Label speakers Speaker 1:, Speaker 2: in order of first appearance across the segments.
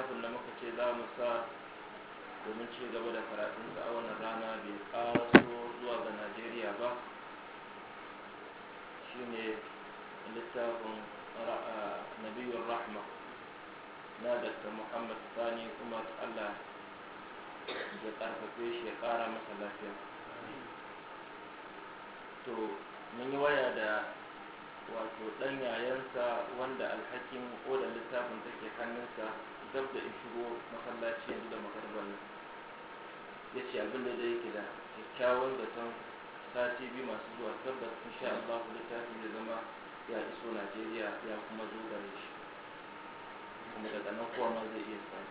Speaker 1: littafin da muka ce za mu sa domin ci gaba da sa a wannan rana bai ƙaso zuwa ga najeriya ba shine littafin nabiyun rahma na dr muhammad sani kuma allah ya ƙarfafe shi ya ƙara masa lafiya to mun yi waya da wato dan yayansa wanda alhakin oda littafin take hannunsa gab da in shigo masallaci yanzu da magarban nan ya ce abin da zai da, kyakkyawan da ta sati biyu masu zuwa tabbas sha Allah littafin da zama ya iso Najeriya ya kuma zo gare shi kuma daga nan kowa ma zai iya sani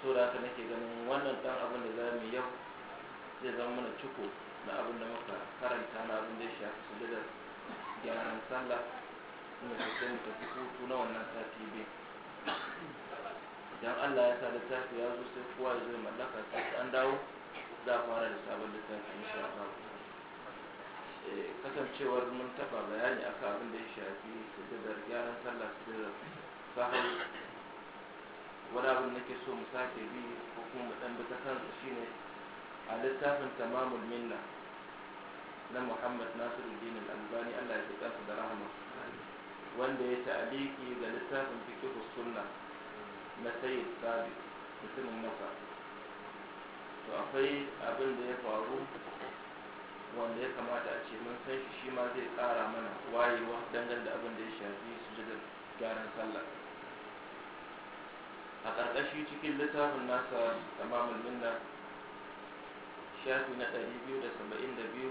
Speaker 1: so da haka nake ganin wannan dan abin da za mu yau zai zama mana ciko na abin da muka karanta na abin da ya shafi sujadar kenan an sallah kuma sai mu tafi hutu na wannan sati biyu idan Allah ya sa littafi ya zo sai kowa ya zai mallaka sai an dawo za a fara da sabon littafi sha Allah eh, kasancewar mun taba bayani akan abin da ya shafi sujadar gyaran sallah sujadar sahau wani abin da ke so mu sake bi ko kuma mu ɗan bi ta kansa shine a littafin tamamul minna na muhammad nasiruddin al-albani allah ya kasa da rahama wanda ya ta'aliki ga littafin fiqh sunna na sayyid sabi mutumin masa to akwai abin da ya faru wanda ya kamata a ce mun san shi shi ma zai tsara mana wayewa dangane da abin da ya shafi sujudar gyaran sallah a ƙarƙashi cikin littafin nasa tamamul minna shafi na ɗari biyu da da biyu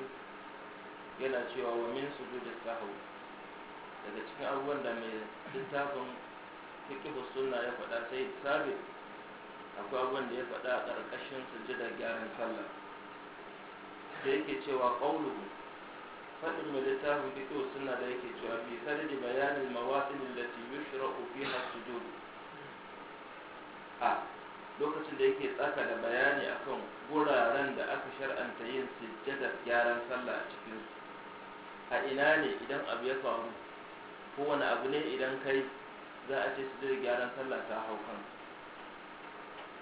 Speaker 1: yana cewa wa min sujudi sahu daga cikin abubuwan da mai littafin fiqh sunna ya faɗa sai sabit akwai abubuwan da ya faɗa a ƙarƙashin sujudar gyaran sallah da yake cewa qauluhu faɗin mai littafin fiqh sunna da yake cewa bi da bayanin mawatin allati yushra'u fiha sujud a lokacin da yake tsaka da bayani akan guraren da aka shar'anta yin sujjadar gyaran sallah a cikin su a ina ne idan abu ya faru kowane abu ne idan kai za a ce su zai gyaran sallah ta hau kan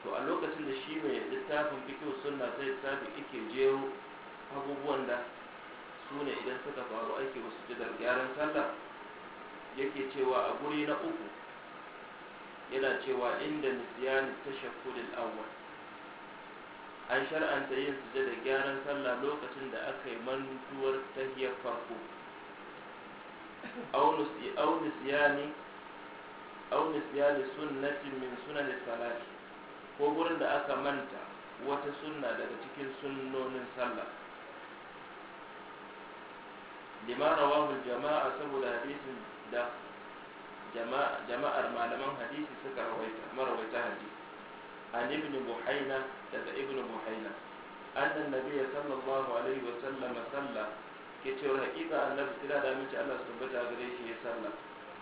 Speaker 1: to a lokacin da shi mai littafin fikihu sunna sai littafi ike jero abubuwan da su ne idan suka faru ake wasu jidar gyaran sallah yake cewa a guri na uku yana cewa inda nisiyani ta shakku da an shar'anta yin da gyaran sallah lokacin da aka yi mantuwar tahiyar farko aunus yani aunus sunnatin min sunan salati ko gurin da aka manta wata sunna daga cikin sunnonin sallah lima wahul jama'a saboda hadisin da jama'ar malaman hadisi suka rawaita marawata hadisi an ibn buhaina daga ibn buhaina annan nabiya sallallahu alaihi wa sallam sallah ke cewa haƙiƙa annabi sira da miki Allah su tabbata gare shi ya salla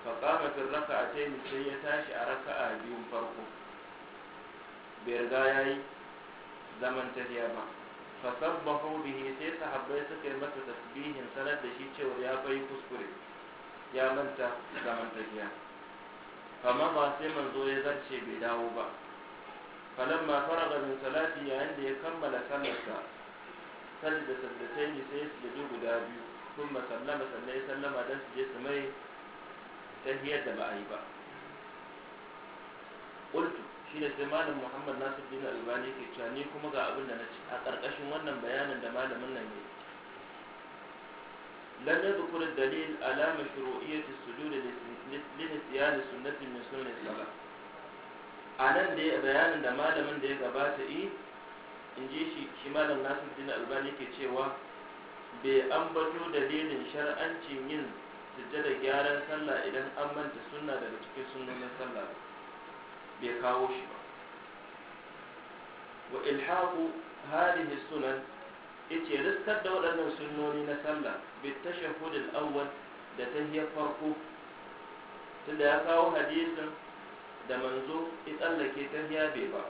Speaker 1: fa qama fi raka'atayn sai ya tashi a raka'a biyun farko bai riga yayi zaman tahiya ba fa sabbahu bihi sai sahabbai suka yi masa tasbihin sanar da shi cewa ya bai kuskure ya manta zaman tahiya fa ma ba sai manzo ya zarce bai dawo ba falamma faraga min salati yayin da ya kammala sallarsa sajda sajdatain sai su ji guda biyu kuma sallama sannan ya sallama dan su je su mai da ba yi ba qultu shine sai malam Muhammad Nasir bin Albani yake cewa kuma ga abin da na ci a karkashin wannan bayanin da malamin nan yayi لم يذكر الدليل على مشروعية السجود لنسيان سنة من سنن الصلاة a nan da bayanin da malamin da ya gabata yi eh, in ji shi shi malam nasiruddin albani ke cewa bai ambato dalilin shar'ancin yin sujjada gyaran sallah idan an manta sunna daga cikin sunnonin sallah bai kawo shi ba wa ilhaqu hadhihi sunan yace riskar da waɗannan sunnoni na sallah bi tashahhud al-awwal da tahiyyar farko tunda ya kawo hadisin da manzo ya tsallake ya bai ba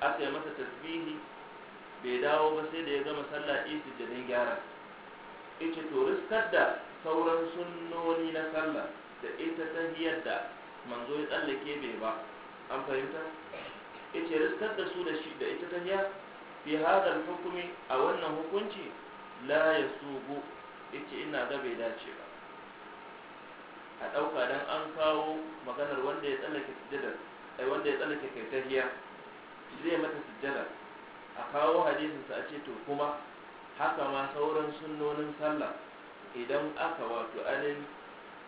Speaker 1: aka yi masa tasbihi bai dawo ba sai da ya gama sallah isi jadin gyara ita to riskar da sauran sunnoni na sallah da ita hiyar da manzo ya tsallake bai ba an fahimta ita riskar da su da shi da ita hiya fi hadal hukumi a wannan hukunci la yasubu ita ina ga bai dace ba a ɗauka don an kawo maganar wanda ya tsallake sujjadar ai wanda ya tsallake kai tahiya zai mata sujjadar a kawo hadisinsa a ce to kuma haka ma sauran sunnonin sallah idan aka wato anin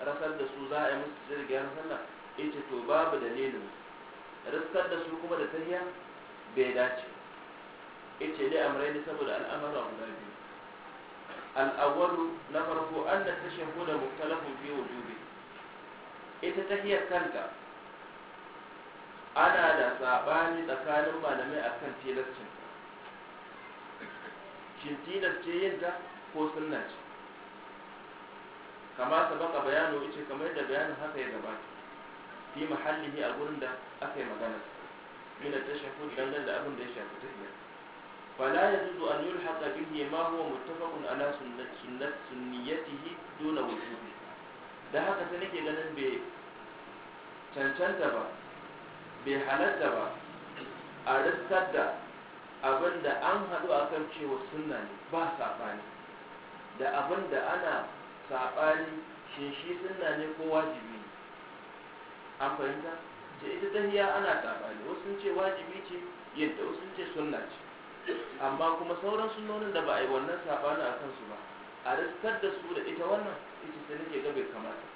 Speaker 1: rasar da su za a yi musu sujjadar gyaran sallah ita to babu dalilin rasar da su kuma da tahiya bai dace ita dai amrai saboda al'amara guda biyu al'awwalu na farko an da tashin huda muktalafin wujubi ita hiyar kanta ana da saɓani tsakanin malamai kan tilascin shin tilas ce yin ta ko sunna ce kama sabaka bayano ice kamar da bayanin haka ya gabata fi ne a gurin da aka yi magana mina ta shafi dangan da abin da ya shafi tafiya fala ya zuzu an yulhaqa bihi ma huwa muttafaqun ala sunnati sunniyatihi duna wujubi da haka sai nake ganin bai cancanta ba bai halatta ba a rissar da abin da an haɗu a kan cewa suna ne ba saɓani da abin da ana saɓani shi shi suna ne ko wajibi ne an fahimta ce ita tahiya ana saɓani wasu sun ce wajibi ce yadda wasu sun ce suna ce amma kuma sauran sunonin da ba a yi wannan saɓani a kansu ba a rissar da su da ita wannan ita sai nake ga bai kamata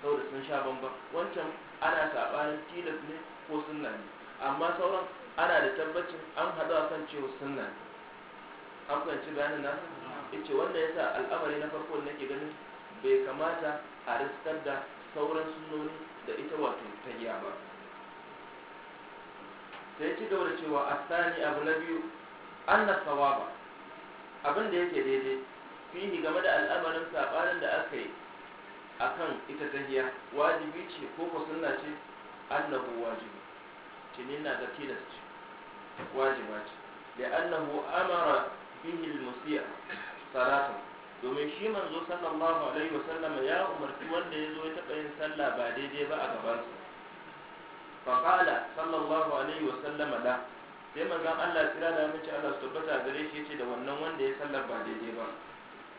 Speaker 1: saboda sun sha bamba wancan ana sabanin tilas ne ko sunna ne amma sauran ana da tabbacin an haɗu a kan cewa sunna ne an fahimci bayanin na ce wanda ya sa al'amari na farko da nake ganin bai kamata a riskar da sauran sunnoni da ita wato ta giya ba sai ci gaba da cewa asani abu na biyu an na sawaba abin da yake daidai fihi game da al'amarin sabanin da aka yi a kan ita tahiya wajibi ce ko ko suna ce annahu wajibi tinin na ga tilas ce wajiba ce da annahu amara bihi musiya salatu domin shi manzo sallallahu alaihi wasallam ya umarci wanda ya zo ya taɓa yin sallah ba daidai ba a gabansa fa qala sallallahu alaihi wasallam la sai manzon Allah tsira da mace Allah su tabbata gare shi ce da wannan wanda ya sallar ba daidai ba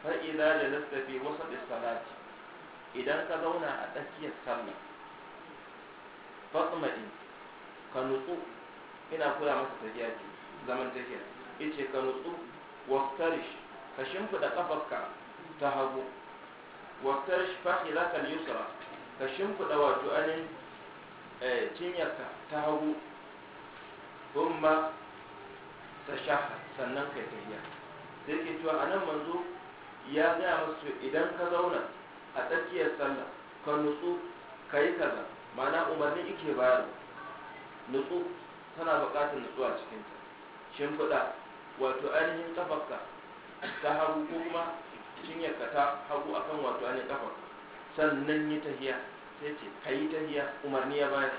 Speaker 1: fa da jalasta fi da as-salati idan ka zauna a tsakiyar sallah fatma'in ka nutsu ina kula masa tafiya ce zaman tafiya yace ka nutsu waftarish ka shimfida kafarka ta hagu waftarish fahilaka al-yusra ka shimfida wato anin cinyarka ta hagu kuma ta shaha sannan kai tafiya sai ke cewa anan manzo ya gaya musu idan ka zauna a tsakiyar sallah ka nutsu ka yi kaza mana umarni ike bayarwa nutsu tana buƙatar nutsuwa cikinta shimfiɗa wato ainihin kafarka ta hagu ko kuma cinyarka ta hagu akan wato ainihin kafarka sannan yi tahiya sai ce ka yi tahiya umarni ya bayar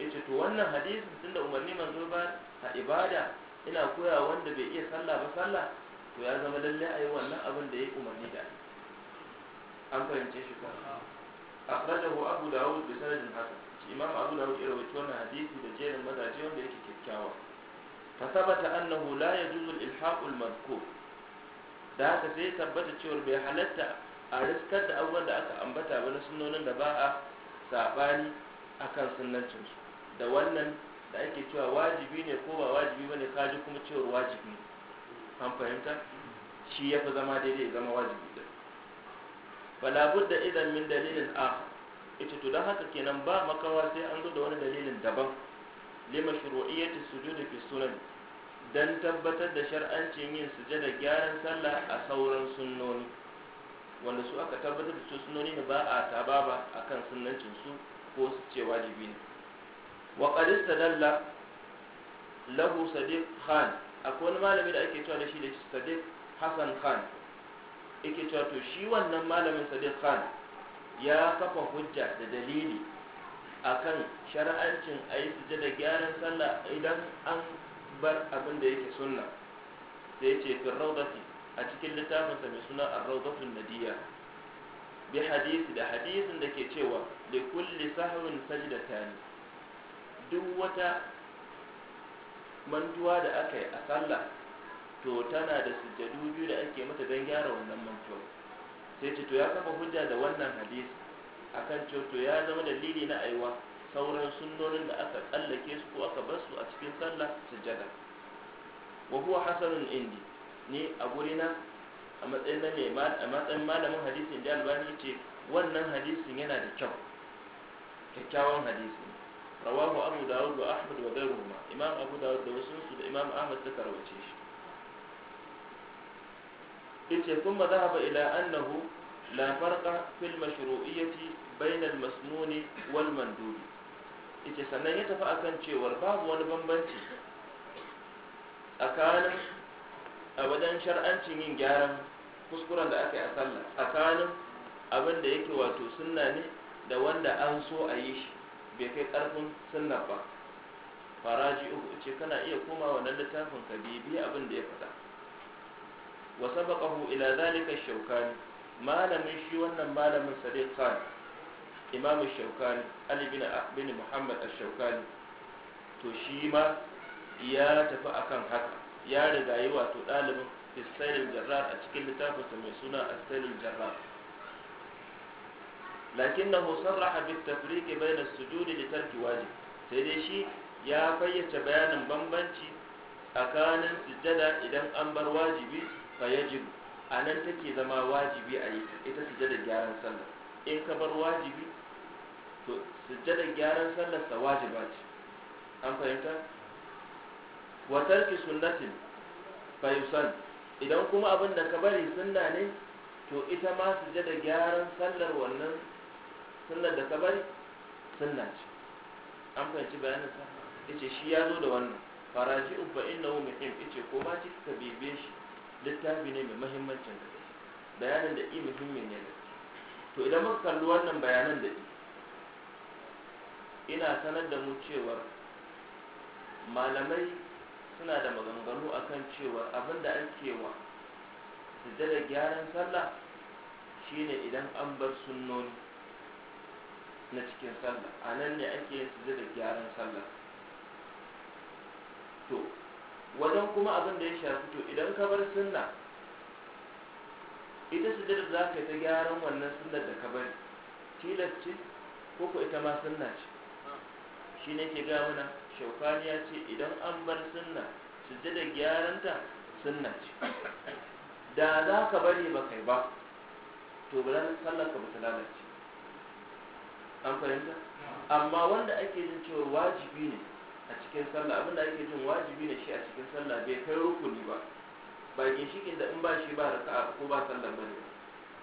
Speaker 1: ya ce to wannan hadisin tunda umarni manzo bayar a ibada ina koya wanda bai iya sallah ba sallah to ya zama lalle a yi wannan abin da ya umarni da an fahimce shi ka akhrajahu abu da dawud bi sanadin hasan imam abu da hau ya rawaito wannan hadisi da jerin mazaje wanda yake kyakkyawa fa sabata annahu la yajuzu al-ilhaq al-madhkur da haka sai tabbata cewa bai halatta a riskar da abubuwan da aka ambata ba na da ba a sabani akan sunancinsu. da wannan da ake cewa wajibi ne ko ba wajibi bane kaji kuma cewa wajibi ne an fahimta shi ya fi zama daidai zama wajibi da fala budda idan min dalilin a ita to don haka kenan ba makawa sai an zo da wani dalilin daban lima shuru'iyyati sujudi fi sunan dan tabbatar da shar'ancin yin sujada gyaran sallah a sauran sunnoni wanda su aka tabbatar da su sunnoni ne ba a tababa akan sunnancin su ko su ce wajibi ne wa qad istadalla lahu sadiq khan akwai wani malami da ake cewa da shi da sadiq hassan khan yake cewa to shi wannan malamin sadiq khan ya kafa hujja da dalili akan shar'ancin a yi da gyaran sallah idan an bar abin da yake sunna sai ya ce firraudati a cikin littafinsa mai suna arraudatun nadiya bi hadisi da hadisin da ke cewa da kulli sahawin sajdatani duk wata mantuwa da aka yi a sallah to tana da sujjadu biyu da ake mata don gyara wannan mantuwa sai ce to ya kafa hujja da wannan hadisi akan ce to ya zama dalili na aiwa sauran sunnonin da aka tsallake su ko aka bar su a cikin sallah sujjada wa huwa hasanun indi ni a gurina a matsayin na mai a matsayin malamin hadisin da albani ce wannan hadisin yana da kyau kyakkyawan hadisi rawahu abu dawud wa ahmad wa ghayruhuma imam abu dawud da wasu su da imam ahmad suka rawace shi yace kuma Zahaba ila annahu la farqa fil mashru'iyyati bayna al masnuni wal mandubi yace sannan ya tafi akan cewa babu wani bambanci tsakanin a wajen shar'ancin yin gyaran kuskuren da aka yi a sallah tsakanin abinda yake wato sunna ne da wanda an so a yi shi bai kai ƙarfin sunna ba faraji uku ce kana iya koma wannan littafin ka bibi abin da ya fada wa sabaqahu ila zalika shaukani malamin shi wannan malamin sadiq khan imam shaukani ali bin bin muhammad ash-shaukani to shi ma ya tafi akan haka ya riga yi wato ɗalibin istailin jarrar a cikin littafinsa mai suna istailin jarrar lakinnahu sarraha bit tafriq bayna as-sujud li tarki wajib sai dai shi ya fayyace bayanin bambanci tsakanin sujada idan an bar wajibi fa yajib anan take zama wajibi a yi ita sujada gyaran sallah in ka bar wajibi to sujada gyaran sallar sa wajiba ce an fahimta wa tarki sunnatin fa yusalli idan kuma abin da ka bari sunna ne to ita ma sujada gyaran sallar wannan sunnar da ka bari sunna ce an fahimci bayanin sa yace shi ya zo da wannan faraji ubba innahu muhim yace ko ma ci ka bibe shi littafi ne mai muhimmancin da bayanin da i muhimmi ne da to idan muka kalli wannan bayanan da ina sanar da mu cewa malamai suna da maganganu akan cewa abin da ake wa sujjada gyaran sallah shine idan an bar sunnoni na cikin sallah a nan ne ake yin da gyaran sallah to wajen kuma abin da ya shafi to idan ka bar sunna ita da za ka yi ta gyaran wannan sunnar da ka bari tilasce ko ko ita ma sunna ce shi ne ke ga mana shaukani ya ce idan an bar sunna gyaran ta sunna ce da za ka bari ba kai ba to ba sallar ka ba ta lalace an fahimta amma wanda ake jin cewa wajibi ne a cikin sallah abinda ake jin wajibi ne shi a cikin sallah bai kai rukuni ba ba ginshikin da in ba shi ba ko ba sallah ba ne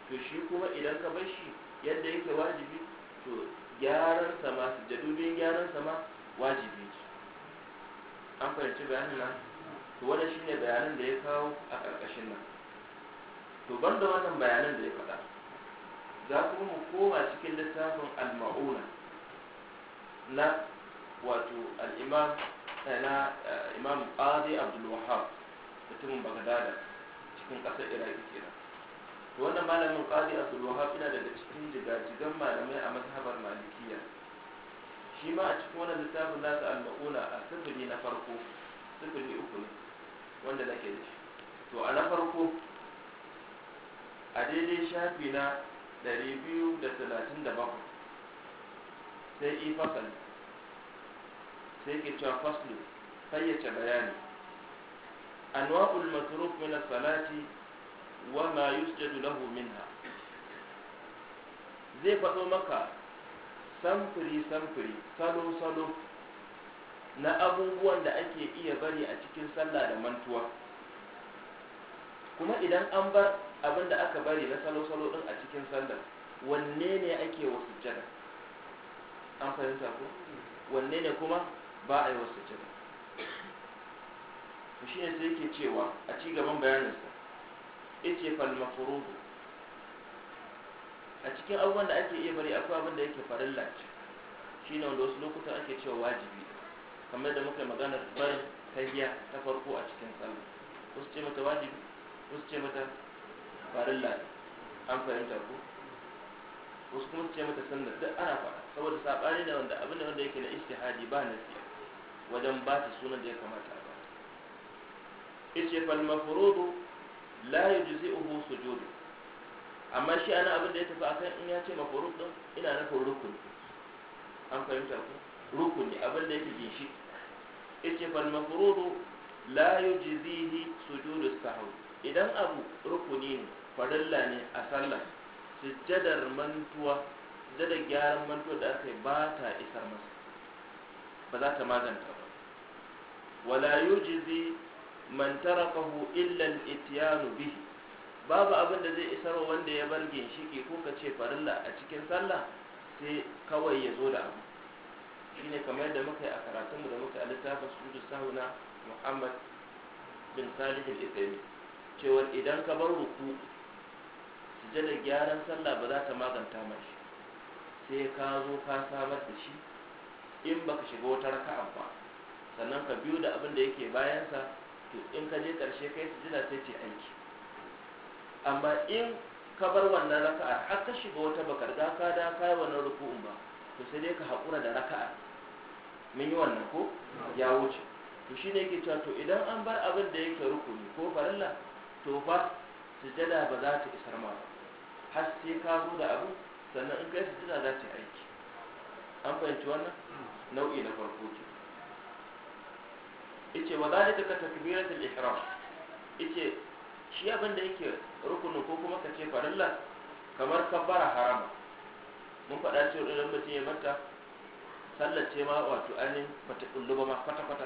Speaker 1: to shi kuma idan ka bar shi yadda yake wajibi to gyaran sama sujadubin gyaran sama wajibi ce an fahimci bayanin nan to wannan shine bayanan da ya kawo a ƙarƙashin nan to banda wannan bayanan da ya faɗa za ku mu koma cikin littafin al-ma'una na wato al-imam eh, na eh, imam qadi abdul wahhab mutumin bagdada cikin kasar iraki kenan to wannan malamin qadi abdul wahhab yana daga cikin jigajigan malamai a mazhabar malikiya shi ma a cikin wannan littafin nasa al-ma'una a sifiri na farko sifiri uku ne wanda nake da shi to a na farko a daidai shafi na 237 sai ifasal sai ke cewa faslu fayyace bayani anwa'ul matruf min as-salati wa ma yusjadu lahu minha zai faɗo maka samfuri samfuri salo salo na abubuwan da ake iya bari a cikin sallah da mantuwa kuma idan an bar abin da aka bari na salo-salo din a cikin sallar wanne ne ake wa sujjada an fahimta ku wanne ne kuma ba a yi wa sujjada to shi ne sai yake cewa a ci gaban bayaninsa yace fal mafrudu a cikin abubuwan da ake iya bari akwai abin da yake farilla ce ne wanda wasu lokutan ake cewa wajibi kamar da muka magana barin tahiya ta farko a cikin sallah wasu ce mata wajibi wasu ce mata Farin ne an fahimta ku? wasu kuma su ce mata sunna duk ana faɗa saboda saɓani da wanda abin da wanda yake na ijtihadi ba na siya. wajen ba ta sunan da ya kamata ba yace fal mafrudu uhu su jodo amma shi ana abin da ya tafi akan in ya ce mafrud ina nufin rukuni an fahimta ku? rukuni abin da yake ginshiki yace fal su la su sujudu hau. idan abu rukuni ne farilla ne a sallah sujjadar mantuwa sujjadar gyaran mantuwa da aka yi ba ta isar masa ba za ta maganta ba wala yujizi man tarakahu illa al-ityanu bihi babu abin da zai isar wanda ya bar ginshiki ko kace ce farilla a cikin sallah sai kawai ya zo da abu shine kamar yadda muka yi a karatunmu da muka yi a littafin sujudu sahuna muhammad bin salih al-isaimi cewar idan ka bar ruku sujjadar gyaran sallah ba za ta maganta mashi sai ka zo ka samar da shi in ba ka shiga wata raka'a ba sannan ka biyu da abin da yake bayansa to in ka je karshe kai sujjada sai ce aiki amma in ka bar wannan raka'a har ka shiga wata ba karga ka da kai wannan ruku'un ba to sai dai ka haƙura da raka'a mun yi wannan ko ya wuce to shine yake cewa to idan an bar abin da yake rukuni ko farilla to fa sujada ba za ta isar ma ba har sai ka zo da abu sannan in kai sujjada za ta aiki an fahimci wannan mm. nau'i na farko ce yace wa zalika ka takbiratul ihram yace shi abin da yake rukunin ko kuma ka ce farilla kamar kabbara harama mun faɗa cewa idan mutum ya mata sallar ce ma wato ainihin bata kullu ba ma kwata kwata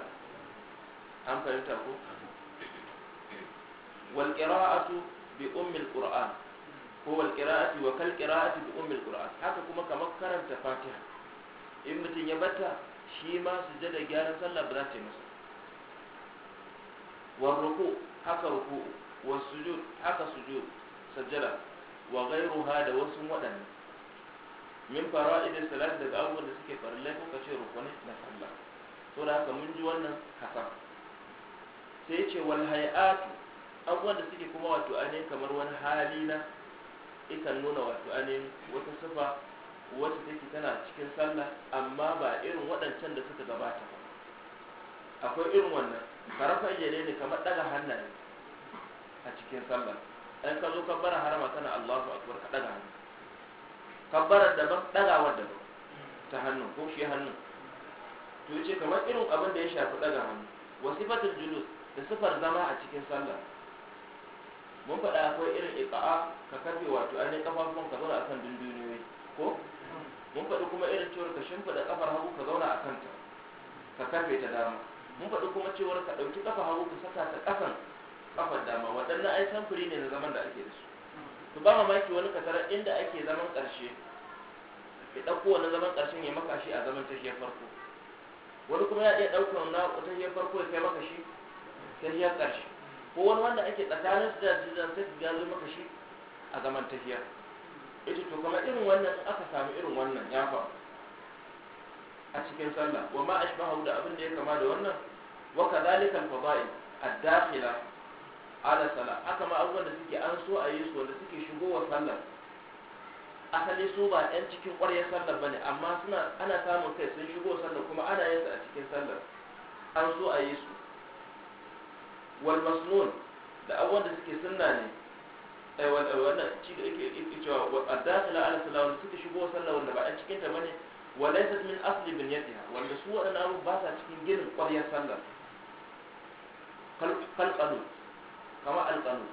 Speaker 1: an fahimta ko mm. wal qira'atu bi ummil qur'an ko wal qira'ati wa kal qira'ati bi ummil qur'an haka kuma kamar karanta fatiha in mutum ya bata shi ma sujada gyaran sallah ba za ta wa ruku haka ruku wa sujud haka sujud sajjada wa ghayruha da wasu waɗannan min fara'id salat daga abu da suke farilla ko kace rukuni na sallah to da haka mun ji wannan haka sai ce wal hay'atu abubuwan da suke kuma wato ane kamar wani hali na ikan nuna wato ainihin wata sifa wacce take tana cikin sallah amma ba irin waɗancan da suka gabata ba akwai irin wannan karafa iyale ne kamar ɗaga hannaye a cikin sallah ɗan ka zo kabbara harama tana allahu akbar ka ɗaga hannu kabbarar daban ɗagawar daban ta hannu ko shi hannu to yace kamar irin abin da ya shafi ɗaga hannu wasifatul julus da sifar zama a cikin sallah mun faɗa akwai irin iƙa'a ka karfe wato ainihin kafafun ka zauna akan dunduniyoyi ko mun faɗi kuma irin cewar ka shimfiɗa kafar hagu ka zauna a kanta ka karfe ta dama mun faɗi kuma cewar ka ɗauki ƙafa hagu ka saka ta ƙasan kafar dama waɗannan ai samfuri ne na zaman da ake da su to ba mamaki wani kasar inda ake zaman ƙarshe ya ɗauko wani zaman ƙarshen ya maka shi a zaman tashiyar farko wani kuma ya iya ɗaukar na tashiyar farko ya kai maka shi tashiyar ƙarshe ko wani wanda ake tsakanin su da juna sai su gazo maka shi a zaman tafiya ita to kamar irin wannan aka samu irin wannan ya faru a cikin sallah wa ma ashbahu da abin da ya kama da wannan wa kadhalika al-fadail ad-dakhila ala salah haka ma abubuwan da suke an so a yi su wanda suke shigo wa sallah asali su ba 'yan cikin ƙwaryar sallar ba ne amma suna ana samun kai sun shigo sallar kuma ana yin su a cikin sallar an so a yi su wal masnun da abubuwan da suke sunna ne eh, ai eh, wannan ci da yake yake cewa addakala ala salawat suka shigo sallah wanda ba a cikin ta bane wa laysat min asli bunyatiha wanda su wadannan abu ba sa cikin ginin ƙwaryar sallar kalqanu kama alqanu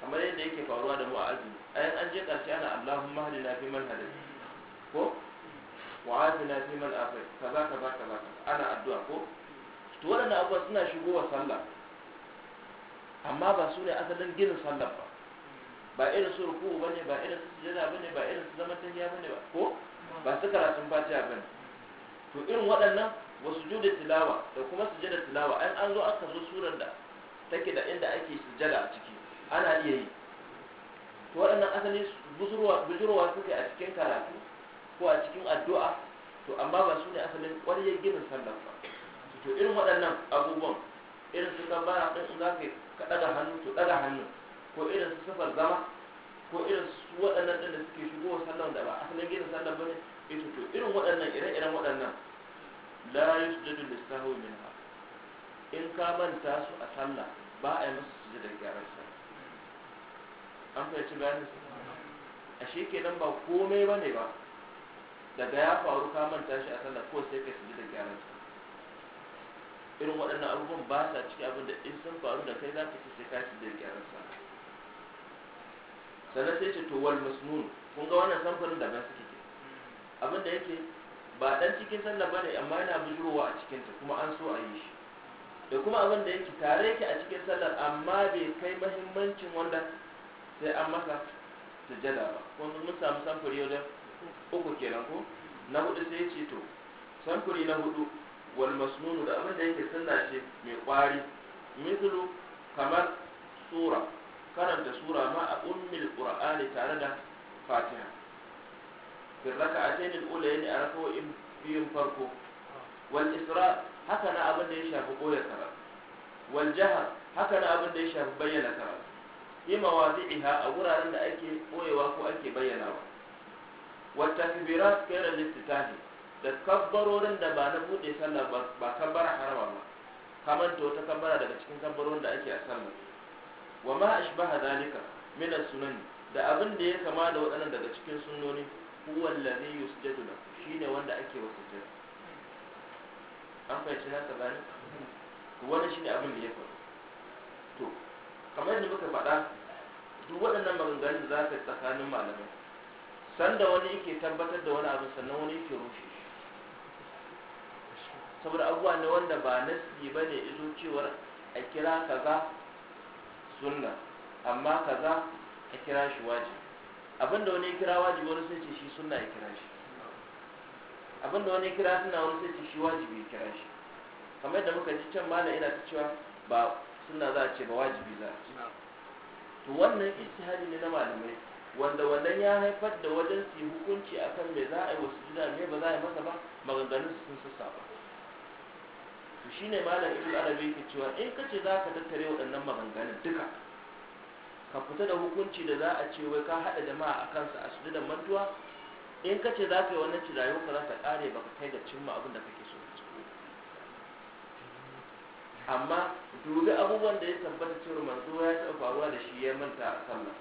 Speaker 1: kamar yadda yake faruwa da mu a azumi ayan an je karshe ana Allahumma hadina fi man hadai ko wa afina fi man afai kaza kaza kaza ana addu'a ko to waɗannan abubuwan suna shigowa sallah amma ba su ne asalin ginin sallah ba ba irin su ruku ba ne ba irin su jana ba ne ba irin su zama tahiya ba ne ba ko ba su karatun fatiya ba ne to irin waɗannan su jude tilawa da kuma su jada tilawa an an zo aka zo surar da take da inda ake jada a ciki ana iya yi to waɗannan asali bujurwa suke a cikin karatu ko a cikin addu'a to amma ba su ne asalin ƙwaryar ginin sallah ba to irin waɗannan abubuwan irin su bara ɗin in za ka ɗaga hannu to ɗaga hannu ko irin su sufar zama ko irin su waɗannan ɗin da suke shigo sallan da ba asalin gina sallan ba ne ita eh to irin waɗannan ire-iren waɗannan la su da sahu min ha in ka manta su a sallah ba a yi musu sujada gyaran sa an fahimci bayanin su a shi nan ba komai ba ne ba daga ya faru ka manta shi a sallah ko sai ka sujada gyaran sa irin waɗannan abubuwan ba sa ciki abin da in sun faru da kai za ka kisa ka shi da gyaran sa sannan sai ce to wal masnun kun ga wannan samfurin da ba su ke abin da yake ba dan cikin sallah bane amma yana bujurowa a cikin ta kuma an so a yi shi da kuma abin da yake tare yake a cikin sallar amma bai kai mahimmancin wanda sai an masa sujjada ba kuma mun samu samfuri yau da uku kenan ko na hudu sai ce to samfuri na hudu wal masnun da abin da yake sunna ce mai kwari mithlu kamar sura karanta sura ma a ummil qur'ani tare da fatiha fi raka'atayn al-ulayn a raka'o'in biyun farko wal isra haka na abin da ya shafi koya karatu wal jahar haka na abin da ya shafi bayyana karatu yi mawadi'iha a wuraren da ake koyewa ko ake bayyanawa wa takbirat kana liftitahi da kabbarorin da ba na buɗe sallah ba kabbara harama ba kamar ta wata kabbara daga cikin kabbarorin da ake a sallah wa ma ashbaha zalika min sunan da abin da ya kama da waɗannan daga cikin sunnoni huwa allazi yusjadu la shine wanda ake wa sujjada an fahimci na sabani to wannan shine abin da ya faru to kamar yadda muka faɗa duk waɗannan maganganun da za ka tsakanin malamai sanda wani yake tabbatar da wani abu sannan wani yake rushe saboda abubuwa ne wanda ba nasi ba ne ido cewar a kira kaza sunna amma kaza a kira shi waje. abinda wani ya kira waje wani sai ce shi sunna ya kira shi abinda wani ya kira sunna wani sai ce shi wajibi ya kira shi kamar yadda muka ji can malam ina ta cewa ba sunna za a ce ba wajibi za a ce to wannan ijtihadi ne na malamai wanda wannan ya haifar da wajen su hukunci akan me za a yi wasu jida me ba za a yi masa ba maganganun sun sassa ba to shine malam ibnu arabi yake cewa in kace zaka tattare waɗannan maganganun duka ka fita da hukunci da za a ce wai ka haɗa jama'a a kansa a su da mantuwa in ka ce za ka yi wannan ci ka za ka ƙare ka kai ga cimma abin da kake so amma dubi abubuwan da ya tabbata cewa manzo ya taɓa faruwa da shi ya manta a sallah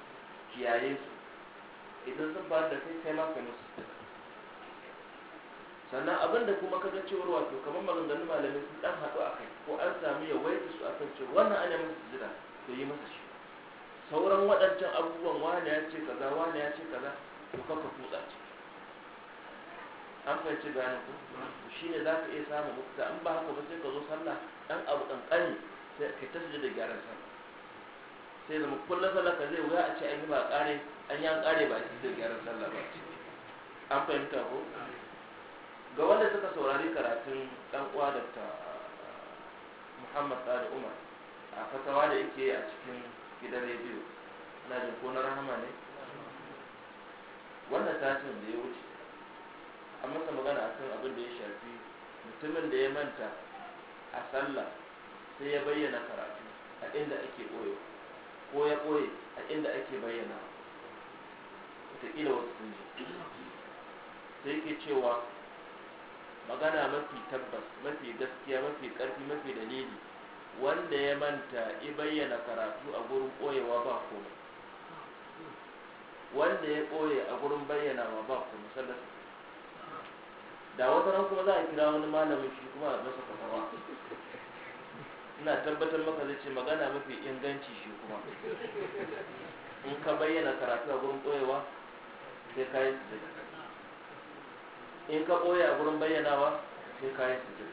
Speaker 1: kiyaye su idan sun faru da kai kai ma kai musu sannan abin da kuma kaga cewar wato kamar maganganun malamai sun dan haɗu akai ko an samu yawaita su akan cewa wannan ana masa jira to yi masa shi sauran waɗancan abubuwan wani ya ce kaza wani ya ce kaza to kafa tutsa ce an fahimci gane ku shi ne za ka iya samun mafita an ba haka ba sai ka zo sallah ɗan abu ƙanƙani sai ka ta da gyaran sallah sai zama kullum sallah ka zai wuya a ce an yi ba ƙare an yi an ƙare ba a sujada gyaran sallah ba an fahimta ko ga wanda suka saurari karatun dan uwa ta eh, muhammad Ali umar a fatawa da yake a cikin gidan rediyo na jin ko na rahama ne wannan satin da ya wuce an masa magana akan abin da ya shafi mutumin da ya manta a sallah sai ya bayyana karatu a inda ake koyo ko ya koye a inda ake bayyana wataƙila wasu
Speaker 2: sun ji
Speaker 1: sai ke cewa magana mafi tabbas mafi gaskiya mafi ƙarfi mafi dalili wanda ya manta i bayyana karatu a gurin koyewa ba komai wanda ya ɓoye a gurin bayyana wa ba komai sallar da wata ran kuma za a kira wani malamin shi kuma a masa fatawa ina tabbatar maka zai ce magana mafi inganci shi kuma in ka bayyana karatu a gurin koyewa sai ka yi in ka ɓoye a gurin bayyanawa sai kayan sujud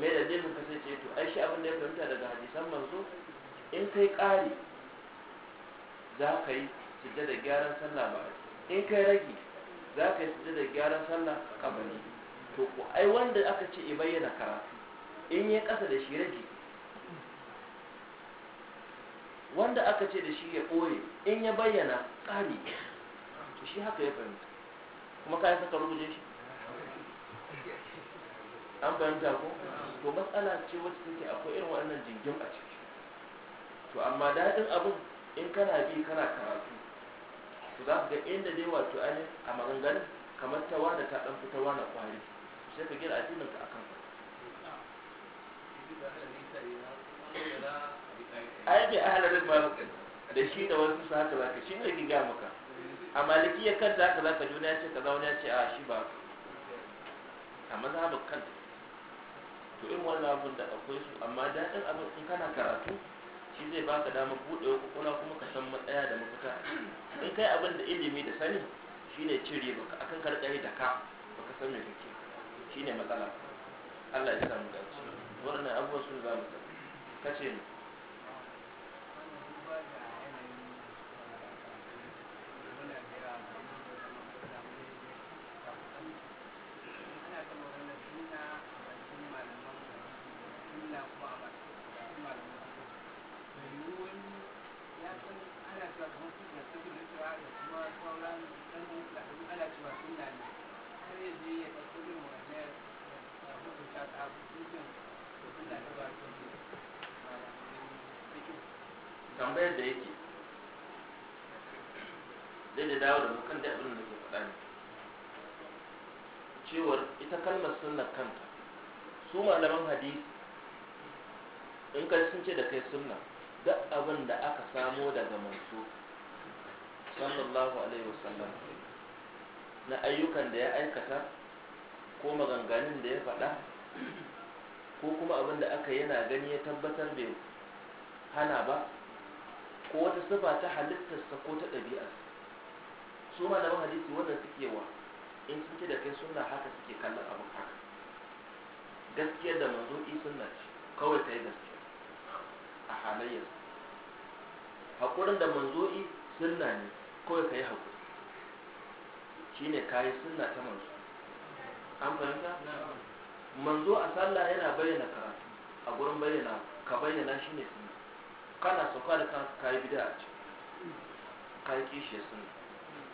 Speaker 1: me da zai ka sai ce to ai shi abin da ya fahimta daga hadisan manzo in kai ƙari za ka yi su da gyaran sallah ba in kai ragi za ka yi su da gyaran sallah kabari to ko ai wanda aka ce i bayyana karatu in yi ƙasa da shi ragi wanda aka ce da shi ya ɓoye in ya bayyana ƙari to shi haka ya fahimta kuma ka yi saka rubuje shi an fahimta ko to matsala ce wacce take akwai irin wannan jingin a ciki to amma daɗin abin in kana bi kana karatu to za ka ga inda dai wato ai a maganganun kamar tawa da ta dan fitawa na kwari sai ka gina addinin ka akan
Speaker 3: ai bai ahalarin ba
Speaker 1: da shi da wasu su haka zaka shi ne giga maka a maliki ya kanta haka zaka juna ce kaza wani ya ce a shi ba a mazhabin kan to irin wannan abin da akwai su amma daɗin abin in kana karatu shi zai ba ka damar buɗewa kokona kuma ka san matsaya da mafita in kai abin da ilimi da sani cire cin a kan karɗa yi da ka baka san mai kake ne matsala Allah ya samu dace wannan abubuwan sun zamu kace ne dawo da mu kan da abin da ke faɗa ne cewar ita kalmar sunnar kanta su malaman hadisi in kai sun ce da kai sunna duk abin da aka samo daga manso sallallahu alaihi wasallam na ayyukan da ya aikata ko maganganun da ya faɗa ko kuma abin da aka yana gani ya tabbatar bai hana ba ko wata sifa ta halittarsa ko ta ɗabi'arsa su malaman hadisi wannan suke wa in sun ce da kai sunna haka suke kallon abin haka gaskiyar da manzo mazuki sunna ce kawai ta yi gaskiya a halayyar haƙurin da manzo manzo'i sunna ne kawai ka yi haƙuri shi ne ka yi sunna ta manzo an fahimta manzo a sallah yana bayyana karatu a gurin bayyana ka bayyana shi ne sunna kana sauka da kanka ka yi bida a ciki ka yi kishiyar sunna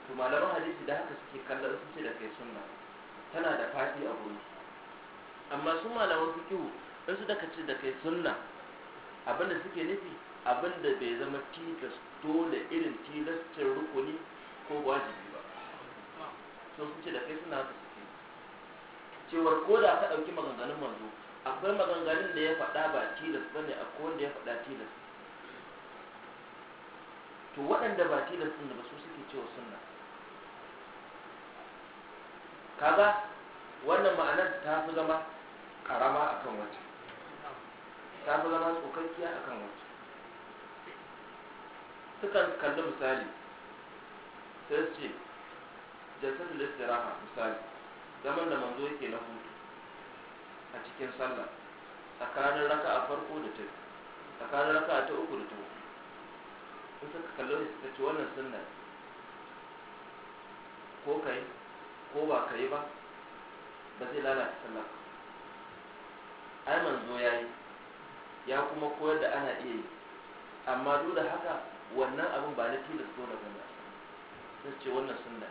Speaker 1: to malaman hadisi da haka suke kallon su ce da kai sunna tana da fadi a gurin amma su malaman fiqhu in su daka ce da kai sunna abinda suke nufi abinda bai zama tilas dole irin tilastin rukuni ko wajibi ba sun ce da kai suna haka suke cewar ko da ka ɗauki maganganun manzo akwai maganganun da ya faɗa ba tilas ba ne akwai wanda ya faɗa tilas to waɗanda ba tilas ɗin da ba su suke cewa sunna kaga wannan ma'anar ta fi zama karama kan wata ta fi zama tsokakkiya kan wata sukan kalli misali sai su ce jalsatul istiraha misali zaman da manzo yake na hutu a cikin sallah tsakanin raka a farko da ta tsakanin raka ta uku da ta uku in suka kalli su ta wannan sunna ko kai ko ba ka yi ba ba zai lalata sallah ai manzo ya yi ya kuma koyar da ana iya yi amma duk da haka wannan abin ba na tilas ko da gana sai ce wannan sunna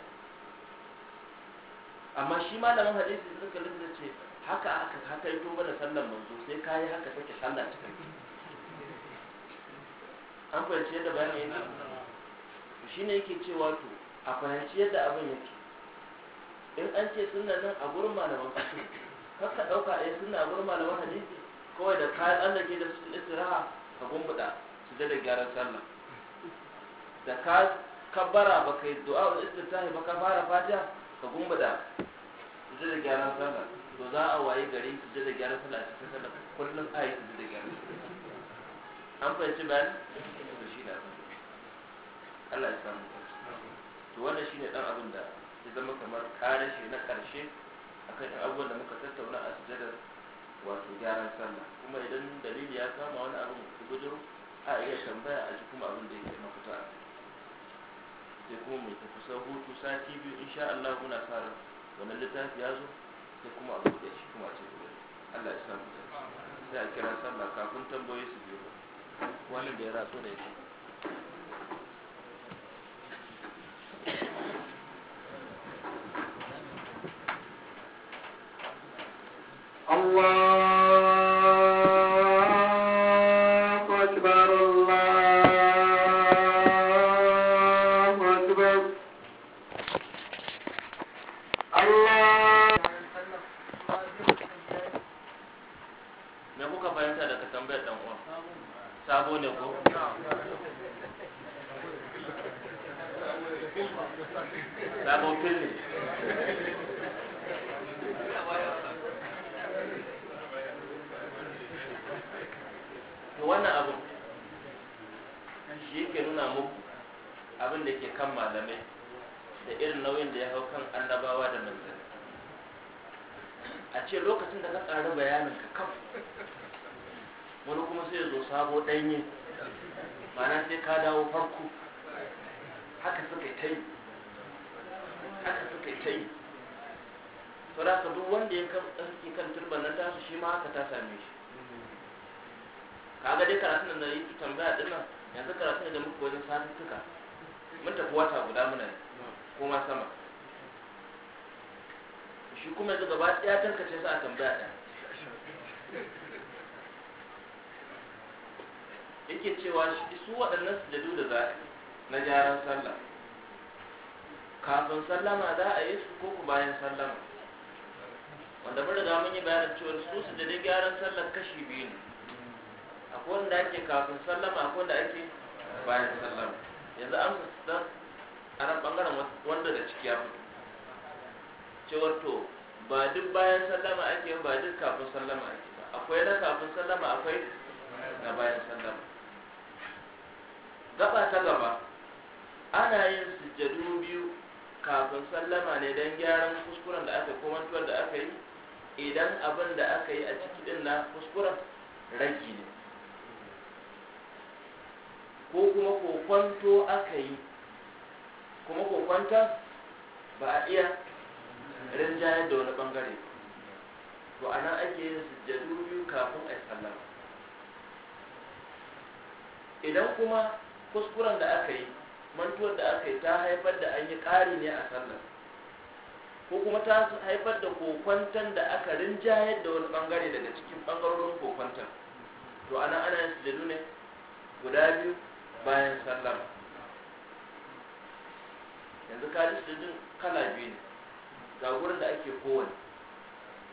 Speaker 1: amma shi malamin hadisi sun kalli lissa ce haka aka haka yi tuba da sallan manzo sai yi haka take sallah cikakke an fahimci yadda bayanin yake shi ne yake cewa to a fahimci yadda abin yake in an ce sunnan nan a gurin malaman hadisi kar dauka eh sunna a gurin malaman hadisi kawai da kayan Allah ke da su istiraha ka gumbuda su da gyaran sallah da ka kabbara ba kai du'a ul istiftahi ba ka fara fatiha ka gumbuda su da gyaran sallah to za a waye gari su da gyaran sallah a cikin sallah kullum ayi su da gyaran sallah. an fahimci bayan shi da Allah ya samu to wannan shine dan abin da ya zama kamar karashe na karshe akan yi abubuwan da muka tattauna a sujadar wato gyaran sallah kuma idan dalili ya kama wani abin ku gudu a iya tambaya a ji kuma abin da yake mafita sai kuma mai tafi hutu sati biyu sha Allah muna fara wannan littafi ya zo sai kuma abin da shi kuma ce gobe Allah ya samu sai a kira sallah kafin tambayoyi su biyo wani da ya rasu da ya الله gaba ɗaya tarkace su a tambaya ɗaya yake cewa su waɗannan sujadu da za na gyaran sallah kafin sallama za a yi su ko bayan sallama wanda mun riga mun yi bayanin cewa su sujadu gyaran sallah kashi biyu ne akwai wanda ake kafin sallama akwai wanda ake bayan sallama yanzu an dan a ran ɓangaren wanda da ciki ya fito cewar to ba duk bayan sallama ake ba duk kafin sallama ake ba akwai na kafin sallama akwai na bayan sallama gaba ta gaba ana yin sujjadu biyu kafin sallama ne don gyaran kuskuren da aka yi komantuwar da aka yi idan abin da aka yi a ciki din na kuskuren ragi ne ko kuma kokwanto aka yi kuma kokwanta ba a iya rinjayar da wani bangare to a nan ake yin sujjadu biyu kafin a sallama idan kuma kuskuren da aka yi mantuwar da aka yi ta haifar da an yi ƙari ne a sallar ko kuma ta haifar da kokwantan da aka rinjayar da wani bangare daga cikin bangarorin kokwantan to ana ana yin sujjadu ne guda biyu bayan sallama yanzu ka ji sujjadun kala biyu ne ga gurin da ake kowane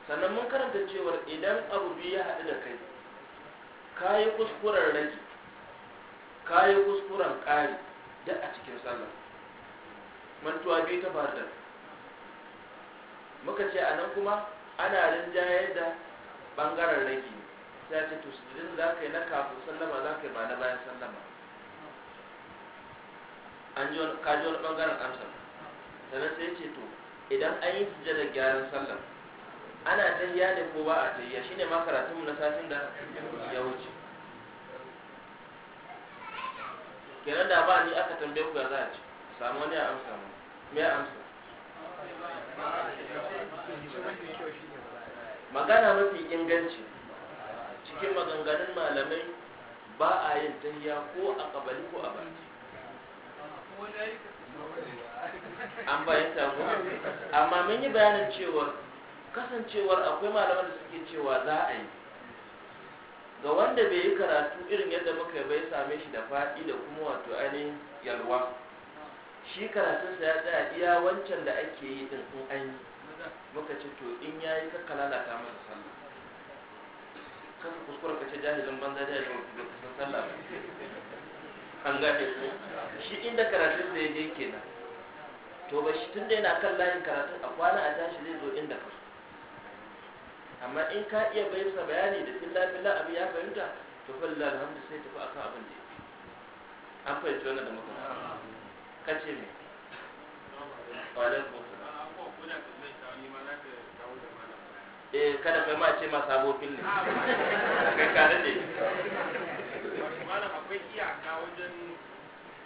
Speaker 1: sannan mun karanta cewar idan abu biyu ya haɗu da kai ka yi kuskuren rage ka yi kuskuren ƙari da a cikin sallah mantuwa biyu ta faru da muka ce a nan kuma ana rinjayar da ɓangaren rage sai ce to sujudin za ka yi na kafin sallama za ka yi ba na bayan sallama an ji wani ɓangaren amsa sannan sai ce to idan an yi da gyaran sallah ana tayya ne ko ba a tayya shine ma karatun mu na satin da ya wuce kenan da ba ni aka tambaye ku ga za a ci samu wani a amsa mu me amsa magana mafi inganci cikin maganganun malamai ba a yin tayya ko a kabali ko a baki
Speaker 3: an bayyanta ko amma mun yi
Speaker 1: bayanin cewa kasancewar akwai malaman da suke cewa za a yi ga wanda bai yi karatu irin yadda muka yi bai same shi da faɗi da kuma wato ainihin yalwa shi karatunsa ya tsaya iya wancan da ake yi din in an yi muka ce to in ya yi lalata masa sallah kasa kuskura ka ce jahilin banza jahilin wata sallah an gaɗe ko shi inda karatun da ya je kenan to ba shi tun da yana kan layin karatun a kwana a tashi zai zo inda ka amma in ka iya sa bayani da filla filla abin ya fahimta to falla alhamdu sai tafi akan abin da an fahimci wannan da muka kace me
Speaker 3: alaikum eh, kada kai ma ce
Speaker 1: ma sabo ne ah, kai ka ne. malam akwai iyaka wajen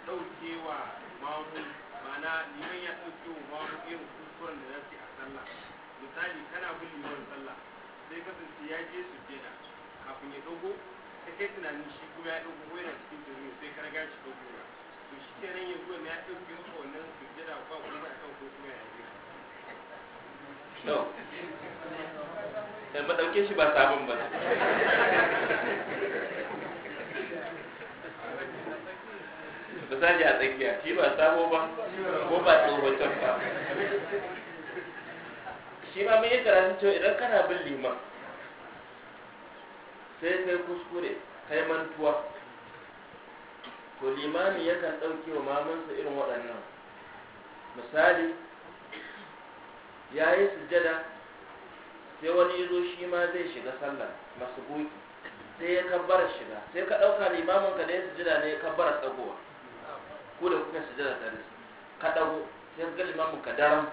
Speaker 1: daukewa mamu mana liman ya dauke wa mamu irin kuskuren da zasu a sallah misali kana bin liman sallah sai kasance ya je su jena kafin ya dogo ta kai tunanin shi kuma ya dogo ko yana cikin turmi sai ka riga shi dogo ya
Speaker 3: to shi kenan ya zuwa ya dauke maka wannan su jeda ba kuma akan ko kuma ya je to ba dauke shi ba sabon ba ta saje a tsakiya
Speaker 1: shi ba sabo ba ko ba tsohon ba shi ma mun yi karatun cewa idan kana bin lima. sai kai kuskure kai mantuwa to limami yakan ɗauke wa mamansa irin waɗannan misali ya yi sujada sai wani izo zo shi ma zai shiga sallah masu goki sai ya kabbara shiga sai ka ɗauka limamin ka da ya sujada ne ya kabbara tsagowa ko da kuka sujada tare ka dago sai ga limamin ka daram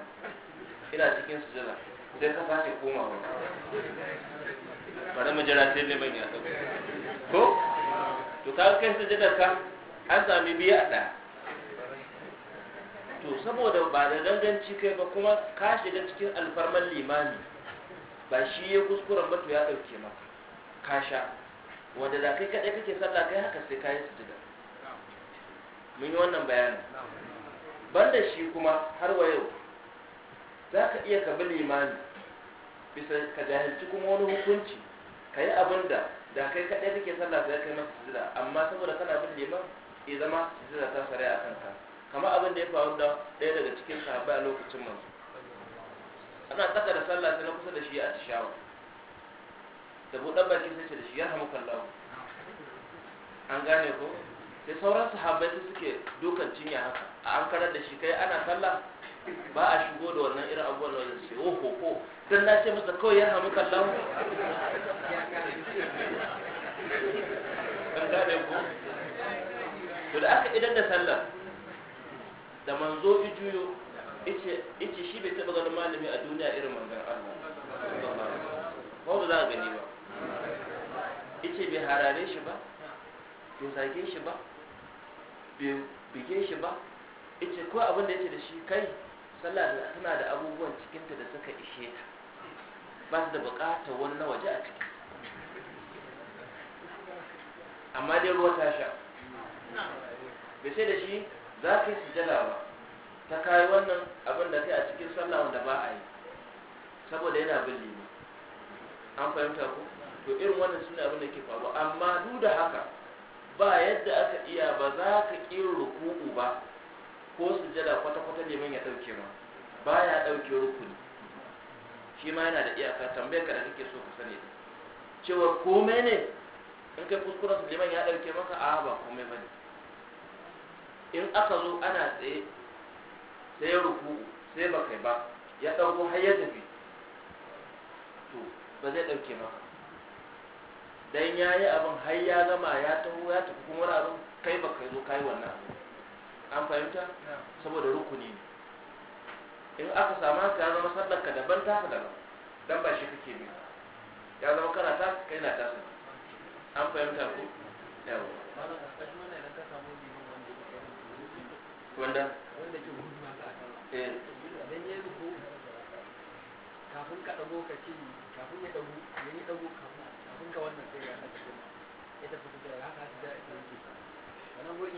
Speaker 1: ina cikin sujada sai ka sake komawa bare mu jira sai ban ya dago ko to ka kai sujada ka an sami biya ɗaya to saboda ba da danganci kai ba kuma ka shiga cikin alfarman limami ba shi ya kuskuren ba to ya ɗauke maka ka sha wanda da kai kaɗai kake sallah kai haka sai ka yi sujada mun yi wannan bayanin banda shi kuma har wa yau za ka iya ka bi limani bisa ka jahilci kuma wani hukunci ka yi abin da da kai kaɗai kake sallah sai kai masa sujjada amma saboda kana bin liman ya zama sujjada ta sare a kanka kamar abin da ya faru da ɗaya daga cikin sahabbai a lokacin manzo ana tsaka da sallah sai na kusa da shi a tishawa da buɗan baki sai ce da shi ya samu kallon an gane ko sai sauran sahabbai su suke dukan cinya haka a an karar da shi kai ana sallah ba a shigo da wannan irin abubuwan da suke oh ho ho dan na ce masa kawai ya hamu kallahu kan
Speaker 3: gane to da aka idan da
Speaker 1: sallah da manzo ijuyo ice ice shi bai taba ganin malami a duniya irin manzon Allah ko ba za a gani ba ice bai harare shi ba bai zage shi ba bai bige shi ba yace ko abin da yace da shi kai sallah tana da abubuwan cikinta da suka ishe ta ba da bukatar wani na waje a ciki
Speaker 2: amma dai ruwa ta
Speaker 1: sha bai sai da shi za ka yi su ba ta kayi wannan abin da kai a cikin sallah da ba a yi saboda yana bin ne, an fahimta ko to irin wannan suna abin da ke faru amma duk da haka ba yadda aka iya ba za ka ƙi rukuku ba ko sujada kwata-kwata neman ya dauke ma ba ya dauke rukuni shi ma yana da iyaka tambayar ka da kake so ka sani cewa komai ne in kai kuskuren su neman ya dauke maka a ba komai ba ne in aka zo ana tsaye sai ruku'u sai ba kai ba ya dauko har ya tafi to ba zai dauke maka dan ya yi abin har ya gama ya taho ya tafi kuma wani abin kai ba kai zo kai wannan an fahimta saboda rukuni ne in aka samu haka zama sallar ka daban taka daban dan ba shi kake bi ya zama kana ta kai na ta an fahimta ko yawa
Speaker 4: wanda wanda ke hudu ma ka eh dan ya rubu kafin ka dago ka ce kafin ya dago ya yi dago kafin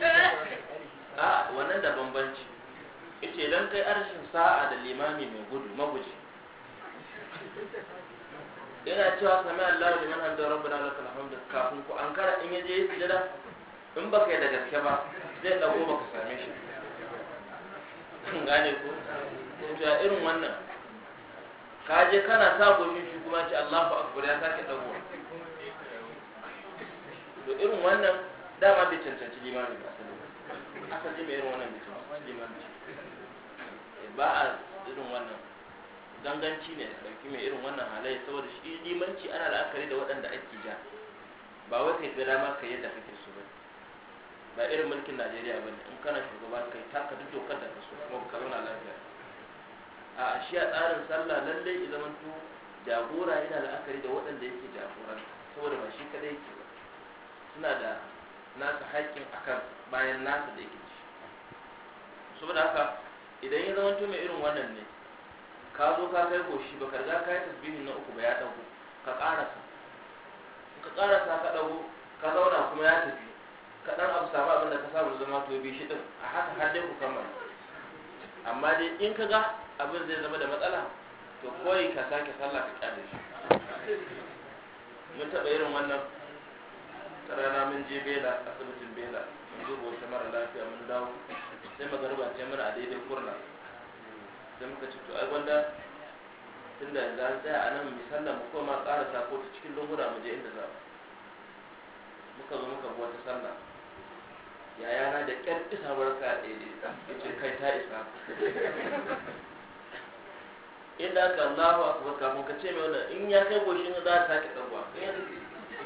Speaker 4: a
Speaker 1: ah, wannan da bambanci yace dan kai arshin sa'a da limami mai gudu maguji yana cewa sami Allahu liman hamdu rabbana lakal hamdu kafin ku ankara in yaje yi sujada in baka yi da gaske ba zai dago baka same shi kan gane ko to irin wannan ka je kana sa goshin shi kuma ce Allahu akbar ya sake dago to irin wannan dama bai cancanci limami ba asali mai irin wannan bai cancanci limami eh, ba a irin wannan ganganci ne da ɗauki mai irin wannan halaye saboda shi limanci ana la'akari da waɗanda ake ja ba wai kai tsira ma kai yadda kake so ba ba irin mulkin Najeriya ba ne, in kana shugaba kai taka duk dokar da ka so kuma ka zauna lafiya a shi a tsarin sallah lallai ya zamanto jagora yana la'akari da waɗanda yake jagoranta saboda ba shi kadai yake suna da nasa haƙƙin akan bayan nasa da yake ci saboda haka idan ya zama mai irin wannan ne ka zo ka kai goshi ba karga riga ka yi tasbihin na uku ba ya dago ka ƙarasa ka karasa ka dago ka zauna kuma ya tafi ka dan abu samu abin da ka samu zama to bi shi din a haka har dai ku kammala amma dai in ka ga abin zai zama da matsala to koyi ka sake sallah ka kyale shi mun taɓa irin wannan na mun je bela asibitin bela mun duba wata mara lafiya mun dawo sai magariba ce mana a daidai kurna sai muka ce to ai gwanda tun da yanzu an tsaya a nan misalla, mu koma ƙara sako ta cikin lunguna mu je inda za mu muka zo muka bi wata sallah yaya na da ƙyar isa barka a daidai ya ce kai ta isa inda aka Allahu akbar kafin ka ce mai wannan in ya kai goshin za ta sake ɗagwa in ya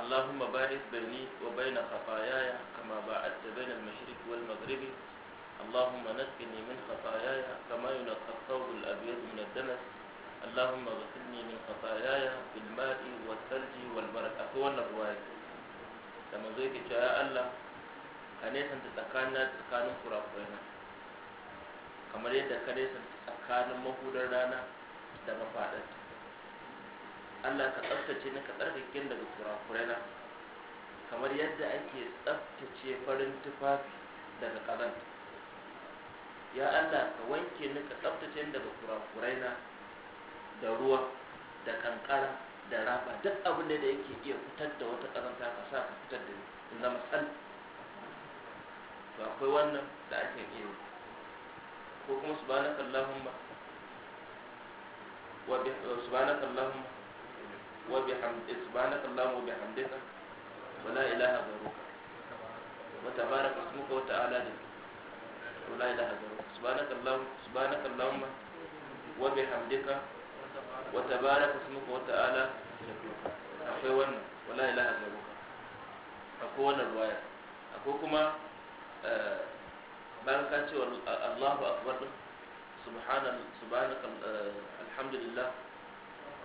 Speaker 1: اللهم باعث بيني وبين خطاياي كما باعدت بين المشرق والمغرب اللهم نسقني من خطاياي كما ينقى الثوب الأبيض من الدنس اللهم اغسلني من خطاياي بالماء والثلج والبرد أكو wannan كما da manzo الله cewa ya Allah ka nesanta tsakanin tsakanin kurakurai kamar yadda ka nesanta Allah ka tsaftace ni ka tsarkake daga kurakurai na kamar yadda ake tsaftace farin tufafi daga kazan ya Allah ka wanke ni ka tsaftace ni daga kurakurai na da ruwa da kankara da raba duk abin da yake iya fitar da wata kazanta ka sa ka fitar da ni zama tsal to akwai wannan da ake iya ko kuma subhanakallahumma wa subhanakallahumma وبحمدك سبحانك اللهم وبحمدك ولا إله غيرك وتبارك اسمك وتعالى جدك ولا إله غيرك سبحانك اللهم سبحانك اللهم وبحمدك وتبارك اسمك وتعالى جدك akwai wannan wala ilaha gairuka akwai wannan ruwaya akwai kuma bayan ka ce Allahu akbar subhanallah subhanaka alhamdulillah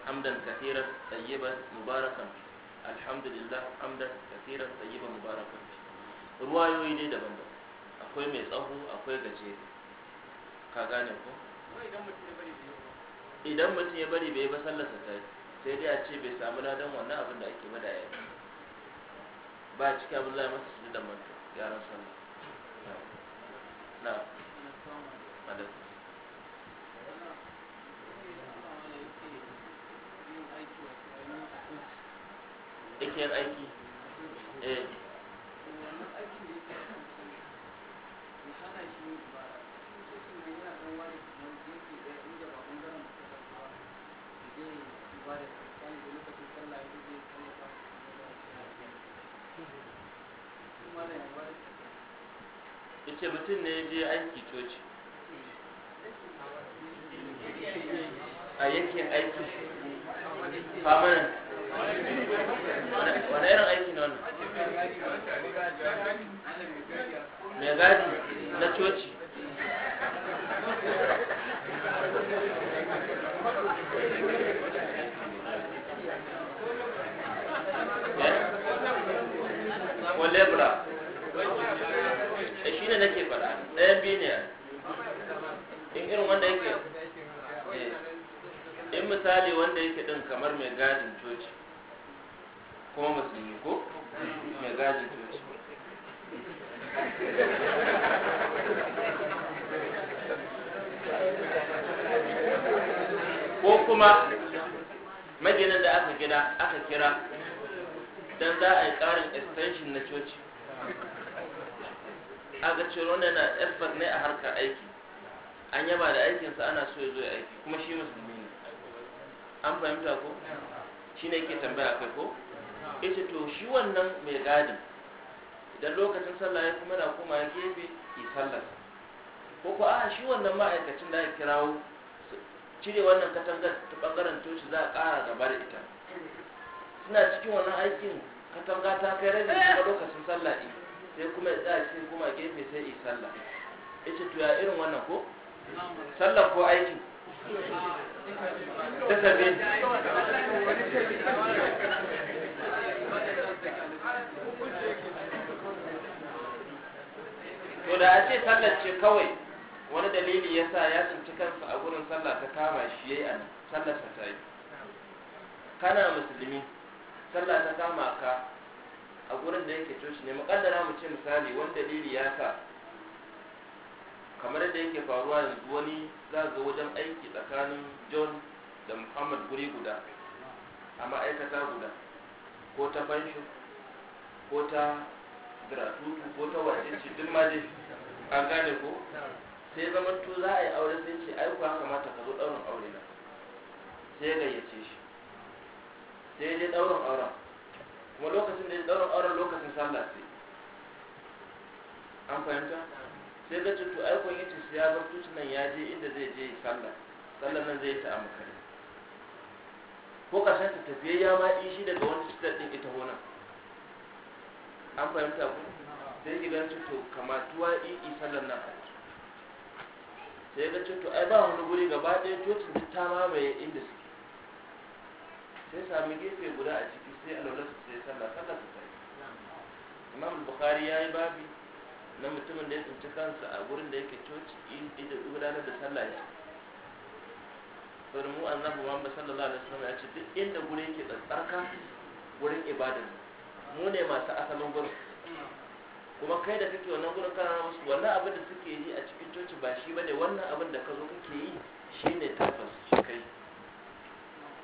Speaker 1: حمدا كثيرا طيبا مباركا الحمد لله حمدا كثيرا طيبا مباركا ruwayoyi ne daban daban akwai mai tsaho akwai gajere ka gane ko idan mutum ya bari bai ba sallarsa ta sai dai a ce bai samu ladan wannan abin da ake bada ya ba cikin abin zai masa su da mutum yaran sallah na na
Speaker 4: abokiyar aiki eh.
Speaker 1: ce mutum ne je aiki coci a yankin aiki famanan wani irin aiki ne wannan
Speaker 3: mai gadi na coci ko lebra da shi ne nake
Speaker 1: faɗa ɗayan biyu ne
Speaker 3: in irin wanda yake
Speaker 1: in misali wanda yake din kamar mai gadin coci kuma musulmi ko mai gadin coci ko kuma majinin da aka gida aka kira don za a yi karin extension na coci aka ciro wannan na expert ne a harkar aiki an yaba da aikinsa ana so ya zo ya aiki kuma shi musulmi an fahimta ko shi ne ke tambaya kai ko ita to shi wannan mai gadi idan lokacin sallah ya kuma na koma gefe ki sallar ko ko a shi wannan ma'aikacin da ya kirawo cire wannan katangar ta bangaren toshi za a ƙara gaba da ita suna cikin wannan aikin katanga ta kai rabi kuma lokacin sallah ɗin sai kuma ya tsaya cikin kuma gefe sai yi sallah ita to ya irin wannan ko sallah ko aikin
Speaker 3: Dessa To da
Speaker 1: a ce sallar ce kawai wani dalili ya sa ya cinci kansa a gurin sallah ta kama shi ya yi a sallarsa ta yi. Kana musulmi, sallah ta kama ka a gurin da yake coci ne muƙaddara mu ce misali wani dalili ya sa kamar da yake faruwa yanzu wani za ga wajen aiki tsakanin john da muhammad guri guda a ma'aikata guda ko ta fansho ko ta gratutu ko ta wajenci duk ma dai an gane ko sai zama to za a yi aure sai ce ai kuwa kamata ka zo ɗaurin aure na sai gayyace shi sai dai ɗaurin auren kuma lokacin da ya ɗaurin auren lokacin sallah sai an fahimta sai zai to ai kun yace sai ya bar tutun nan ya je inda zai je sallah sallah nan zai ta amma kare ko karshen ta tafiye ya ma yi shi daga wani sitar din ita hona an fahimta ku sai ki ganci to kamatuwa yi yi sallar nan a sai ga to ai ba wani guri gaba ɗaya tutun duk ta mamaye inda suke sai sami gefe guda a ciki sai a su sai sallah sallah ta tafi imam bukhari ya yi babi na mutumin da ya tsinci kansa a gurin da yake coci ita gudanar da sallah ya sauran mu annabi ba sallallahu alaihi wasallam ya ce duk inda gure yake tsarka gurin ibada mu ne masu asalin gurin kuma kai da kake wannan gurin kana musu wannan abin da suke yi a cikin coci ba shi bane wannan abin da ka zo kake yi ne tabbas shi kai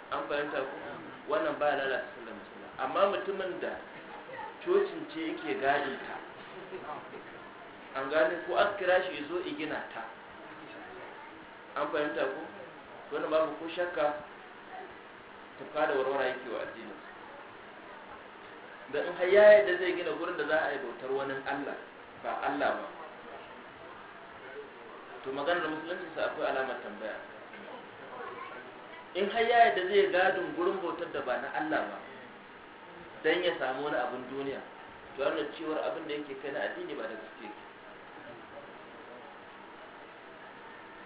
Speaker 1: an fahimta ku wannan ba lalata sallar musulma amma mutumin da cocin ce yake gadi ta an gane ko an kira shi zo igina ta an fahimta ko wani babu ko shakka ta fada warwara yake wa addinin da in har yadda da zai gina gurin da za a yi bautar wani Allah ba Allah ba to maganar musulunci sa akwai alamar tambaya in har yadda da zai gadin gurin bautar da ba na Allah ba dan ya samu wani abin duniya to wannan cewar abin da yake kai na addini ba da gaske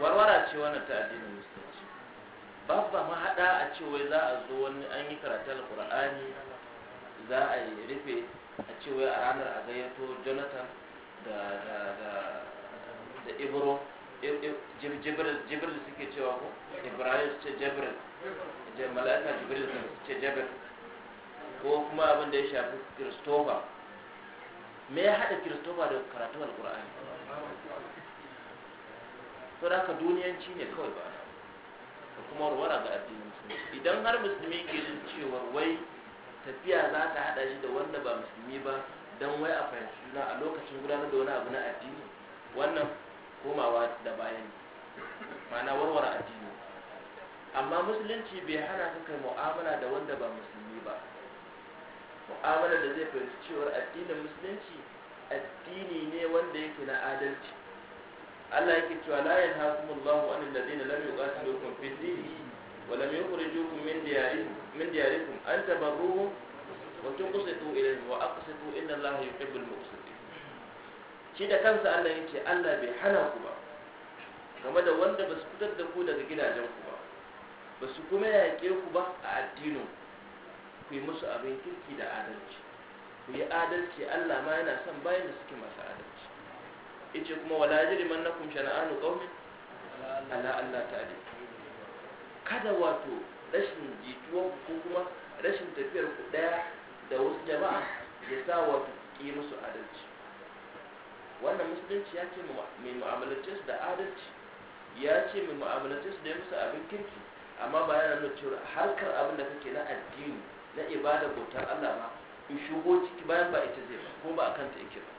Speaker 1: warwara ce wannan ta addinin musulunci babu ba mahaɗa a ce wai za a zo wani an yi karatun alƙur'ani za a yi rufe a ce wai a ranar a gayyato jonathan da da da da ibro jibril suke cewa ko ibrahim ce jibril mala'ika jibril ce jibril ko kuma abin da ya shafi kristofa me ya haɗa kristofa da karatun alƙur'ani to da ka duniyanci ne kawai ba da kuma warwara ga addinin musulmi idan har musulmi ke jin cewa wai tafiya za ta haɗa shi da wanda ba musulmi ba don wai a fahimci juna a lokacin gudanar da wani abu na addini wannan komawa da bayan ma'ana warware addini amma musulunci bai hana ka kai mu'amala da wanda ba musulmi ba mu'amala da zai fahimci cewar addinin musulunci addini ne wanda yake na adalci Allah yake cewa la Allahu an ladina lam yuqatilukum fid din wa lam yukhrijukum min diyarikum min diyarikum an tabarruhum wa tuqsitu ilayhim wa aqsitu inna Allaha yuhibbul muqsitin shi da kansa Allah yake Allah bai hana ku ba game da wanda ba su fitar da ku daga gidajen ku ba ba su kuma yaƙe ku ba a addinin ku yi musu abin kirki da adalci ku yi adalci Allah ma yana son bayan da suke masa adalci yace kuma wala yajriman nakum shana'anu qaumin ala Allah ta'ala kada wato rashin jituwa ko kuma rashin tafiyar ku daya da wasu jama'a ya sa wato ki musu adalci wannan musulunci ya ce mai mu'amalace su da adalci ya ce mai mu'amalace su da musu abin kirki amma ba yana nuna cewa harkar abin da kake na addini na ibada bautar Allah ba in shigo ciki bayan ba ita zai ba ko ba akan ta yake ba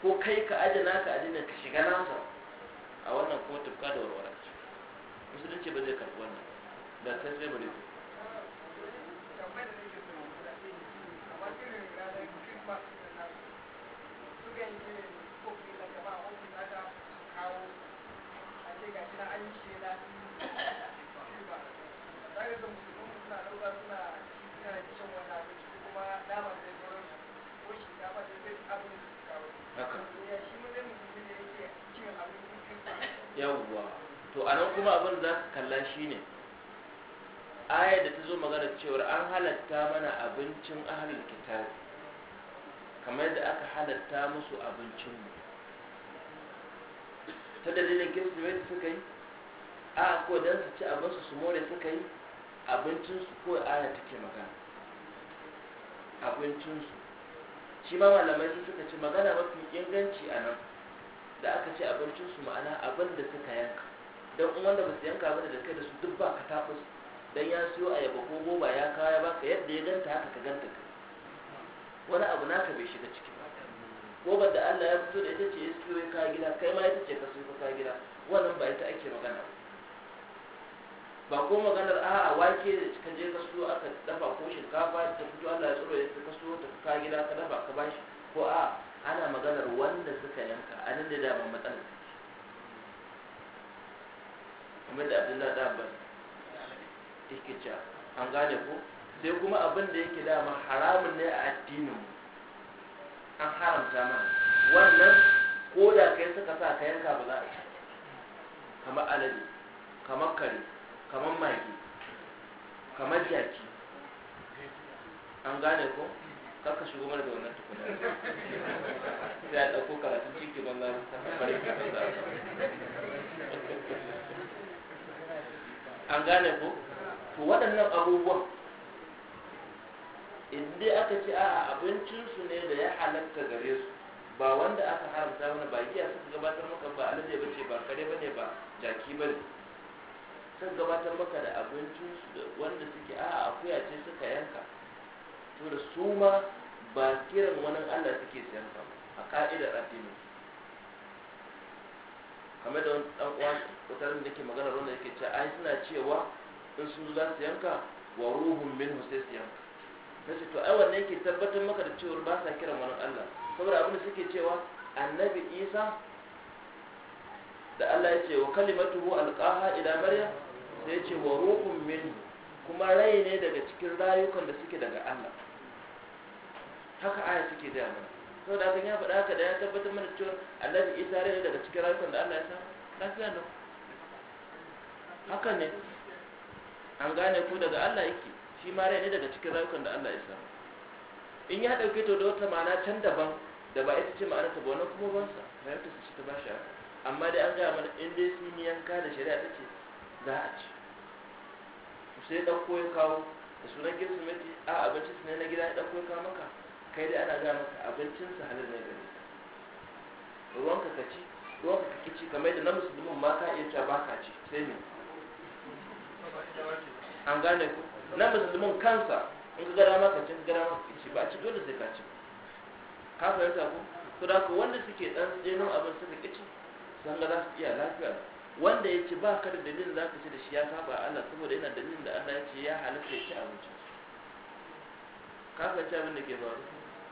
Speaker 1: ko kai ka aje ka adina ka shiga nasa a wannan ko tufka da warwara musulunci ba zai karɓi wannan da ta zai bari Thank you. to anan kuma abin da za ka kalla shine aya da ta zo magana cewar an halatta mana abincin ahalin kitab kamar da aka halatta musu abincinmu ta dalilin kirsimeti suka yi a ko dan su ci abin su more suka yi su ko aya take magana Abincin su, shi ma malamai su suka ci magana mafi inganci a nan da aka ce su ma'ana abin da suka yanka don in wanda ba su yanka ba da kai da su duk ba ka taɓa su don ya siyo ayaba ko goba ya kawo ya baka yadda ya ganta haka ka ganta ka wani abu naka bai shiga ciki ba gobar da Allah ya fito da ita ce ya siyo ya kawo kai ma ita ce ka siyo ka gida wannan ba ita ake magana ba ko maganar a'a wake da ka je ka aka dafa ko shinkafa ta fito Allah ya tsoro ya ka siyo ta ka gida ka dafa ka bashi ko a'a ana maganar wanda suka yanka a nan da daman matsalar kamar da abdullahi da abbas yake cewa an gane ko sai kuma abin da yake dama haramun ne a addinin mu an haramta mana wannan ko da kai suka sa ka yanka ba za a ci kamar alade kamar kare kamar mage kamar jaki an gane ko kaka shigo mana da wannan tukuna sai a ɗauko karatun ciki ban za a fara an gane ku? to waɗannan abubuwan in aka ce a abincinsu ne da ya halatta gare su ba wanda aka haramta wani ba giya suka gabatar maka ba alade ba ce ba kare ba ne ba jaki ba ne suka gabatar maka da abincinsu da wanda suke a akuya ce suka yanka to da su ma ba kiran wani allah suke siyan ka a ka'idar addinin kamar da dan uwa kokarin da ke magana da yake cewa ai suna cewa in sun za su yanka wa ruhun minhu sai su yanka nace to ai wannan yake tabbatar maka da cewa ba sa kiran wani Allah saboda abin da suke cewa annabi Isa da Allah ya ce wa kalimatuhu alqaha ila maryam sai ya ce wa ruhun min kuma rai ne daga cikin rayukan da suke daga Allah haka aya suke da mana saboda hakan ya faɗa haka da ya tabbatar mana cewa Allah annabi isa rai daga cikin rayukan da Allah ya samu lafiya lau haka ne an gane ku daga Allah yake shi ma rai ne daga cikin rayukan da Allah ya samu in ya ɗauke to da wata ma'ana can daban da ba ita ce ma'ana ta ba kuma ban sa rayuwar ta ci ta bashi haka amma dai an gaya mana in dai sun yi yanka da shari'a take ce za a ci sai ɗauko ya kawo da sunan kirsimeti a abinci su ne na gida ya ɗauko ya kawo maka kai da ana gaya maka abincinsa halin na gari, ka ruwanka ka ci ruwanka ka kici kamar da na musulmin ma ka iya cewa baka ci sai ne an gane ku na musulmin kansa in ka gara maka ci gara maka ci ba ci dole sai ka ci ka fahimta ku Ku da ku wanda suke dan tsenon abin suka kici san ga za su iya lafiya wanda ya ci ba ka da dalilin za ka ci da shi ya saba Allah saboda yana dalilin da Allah ya ce ya halatta ya ci abincin ka fahimta abin da ke faru